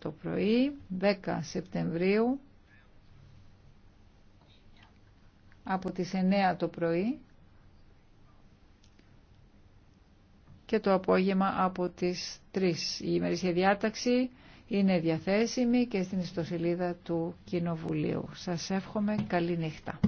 το πρωί, 10 Σεπτεμβρίου, από τις 9 το πρωί και το απόγευμα από τις 3. Η ημερήσια διάταξη είναι διαθέσιμη και στην ιστοσελίδα του Κοινοβουλίου. Σας εύχομαι καλή νύχτα.